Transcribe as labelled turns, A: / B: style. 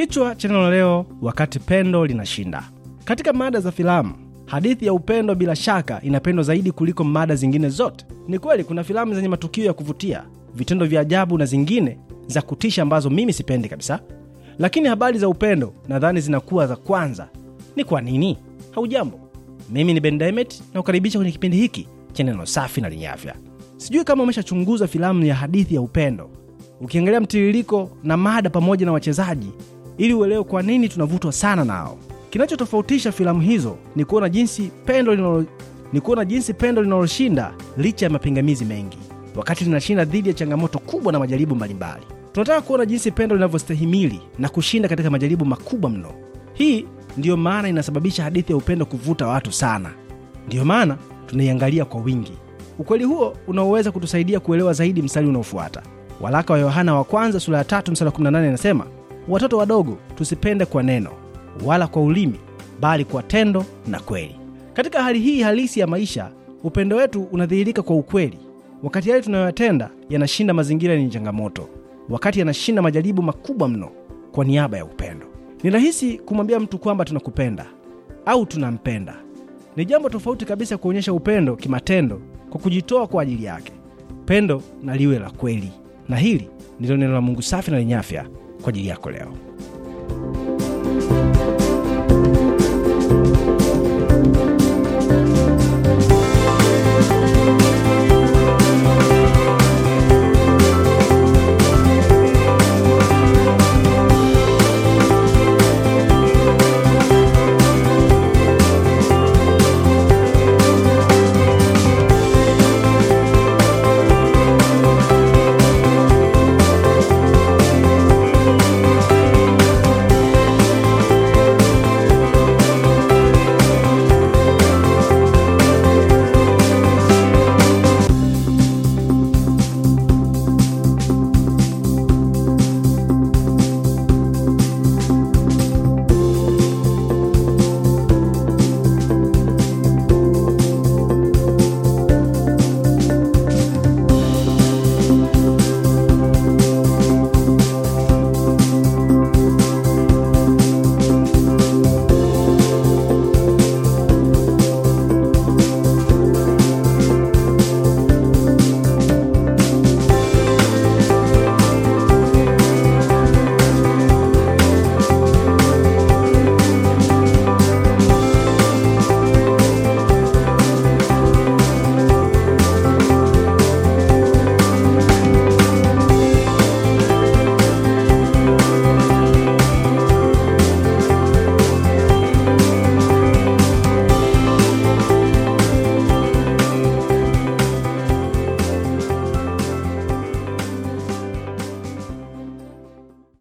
A: Kichwa cha neno leo, wakati pendo linashinda. Katika mada za filamu, hadithi ya upendo bila shaka inapendwa zaidi kuliko mada zingine zote. Ni kweli kuna filamu zenye matukio ya kuvutia, vitendo vya ajabu na zingine za kutisha ambazo mimi sipendi kabisa, lakini habari za upendo nadhani zinakuwa za kwanza. Ni kwa nini? Haujambo, mimi ni Bendemet na kukaribisha kwenye kipindi hiki cha neno safi na lenye afya. Sijui kama umeshachunguza filamu ya hadithi ya upendo, ukiangalia mtiririko na mada pamoja na wachezaji ili uelewe kwa nini tunavutwa sana nao. Kinachotofautisha filamu hizo ni kuona jinsi pendo linalo ni kuona jinsi pendo linaloshinda licha ya mapingamizi mengi, wakati linashinda dhidi ya changamoto kubwa na majaribu mbalimbali. Tunataka kuona jinsi pendo linavyostahimili na kushinda katika majaribu makubwa mno. Hii ndiyo maana inasababisha hadithi ya upendo kuvuta watu sana, ndiyo maana tunaiangalia kwa wingi. Ukweli huo unaoweza kutusaidia kuelewa zaidi mstari unaofuata, waraka wa Yohana wa kwanza sura ya 3 mstari 18 inasema Watoto wadogo tusipende kwa neno wala kwa ulimi, bali kwa tendo na kweli. Katika hali hii halisi ya maisha, upendo wetu unadhihirika kwa ukweli. Wakati yale tunayoyatenda yanashinda mazingira yenye changamoto, wakati yanashinda majaribu makubwa mno, kwa niaba ya upendo. Ni rahisi kumwambia mtu kwamba tunakupenda au tunampenda. Ni jambo tofauti kabisa kuonyesha upendo kimatendo kwa kujitoa kwa ajili yake. Pendo na liwe la kweli, na hili ndilo neno la Mungu safi na lenye afya kwa ajili yako leo.